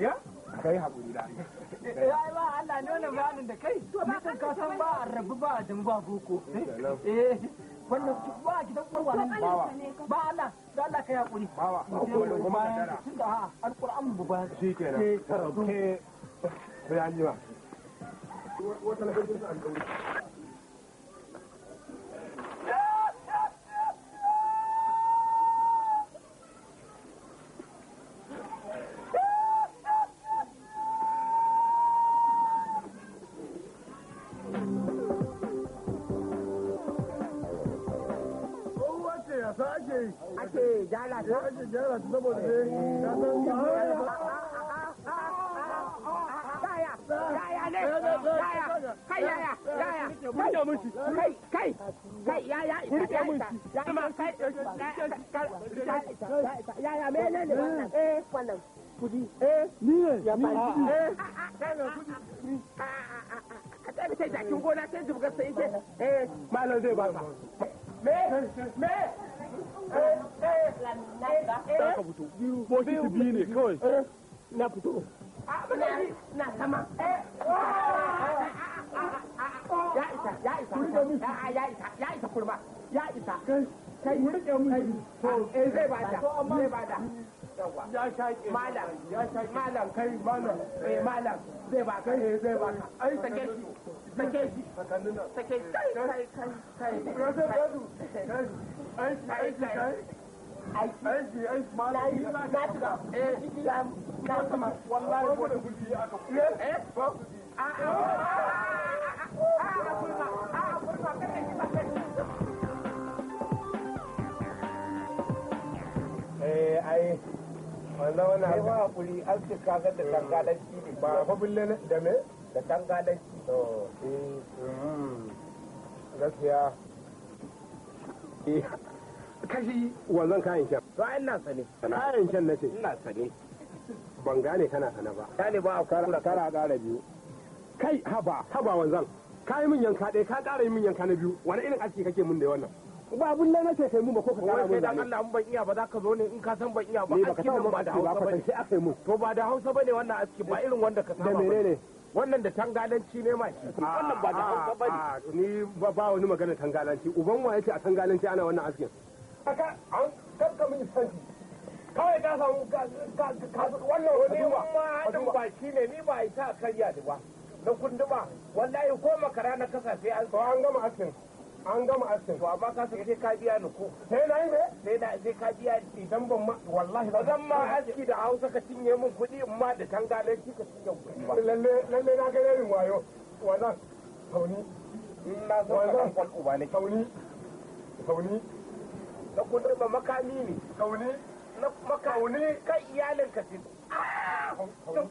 ya kai haƙuri da ya eh, ba Allah ne wani bayanin da kai nisan ka san ba a rabu ba a jin ba boko eh, wannan ba a gidan kwarwa nan ba Allah da Allah kai haƙuri kuma ya da ha bu ba shi kenan ke bayani ba wata na kai sun ake gyara ka yaya yaya kai kai kai yaya eh. ni ne gona sai zubgar eh. eh. me me Za ka Ya isa, ya isa. Ya isa, Zai bada. ya malam kai malam eh malam zai ba eh zai ba ai sake shi sake shi sake kai kai kai kai kai kai kai aiki aiki aiki malami na shiga eh na kuma wallahi ko da gudu aka eh ba ku a a wannan wani haka ba hakuri an ce ka da tangalanci eh. ne ba fa ne da me da tangalanci to eh mm, gaskiya eh, kashi wanzan kayan shan to ai ina sane kayan shan nace ina sane ban gane kana sana ba gane ba a kara kara kara biyu kai haba haba wanzan ka yi min yanka ɗaya ka yi min yanka na biyu wani irin aski kake min da wannan ba abun nan nake kai mu ba ko ka kara mun dan Allah mun ban iya ba za ka zo ne in ka san ban iya ba aski ba ba da Hausa ba sai aka mu to ba da Hausa bane wannan aski ba irin wanda ka saba da menene wannan da tangalanci ne ma shi ah, wannan ba da ah, Hausa bane ah, ni ba wani magana tangalanci uban wa yake a tangalanci ana wannan askin kaka an kanka mun sanki kawai ka samu wannan ba ma hadin shi ne ni ba ita karya da ba na kunduma wallahi ko makara na kasa sai an an gama askin an gama askin to amma ka saka sai ka biya ni ko sai na yi ne sai na sai ka biya ni idan ban ma wallahi ba zan ma aski da Hausa ka cinye min kuɗi in ma da tangalen ki ka cinye kuɗi ba lalle lalle na ga yayin wayo wannan tauni in na so ka kan uba ne tauni tauni na kudin ba makami ne tauni na makauni kai iyalin ka ce tauni ah!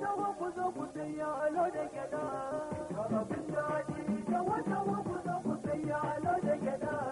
wata wabu zo ku da gyada. Ga abin daɗi da wata wabu zo da gyada.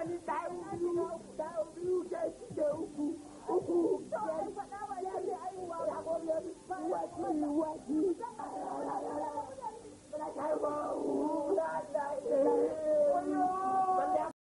humanidade não dá